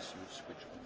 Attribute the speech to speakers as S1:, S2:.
S1: is you switch on.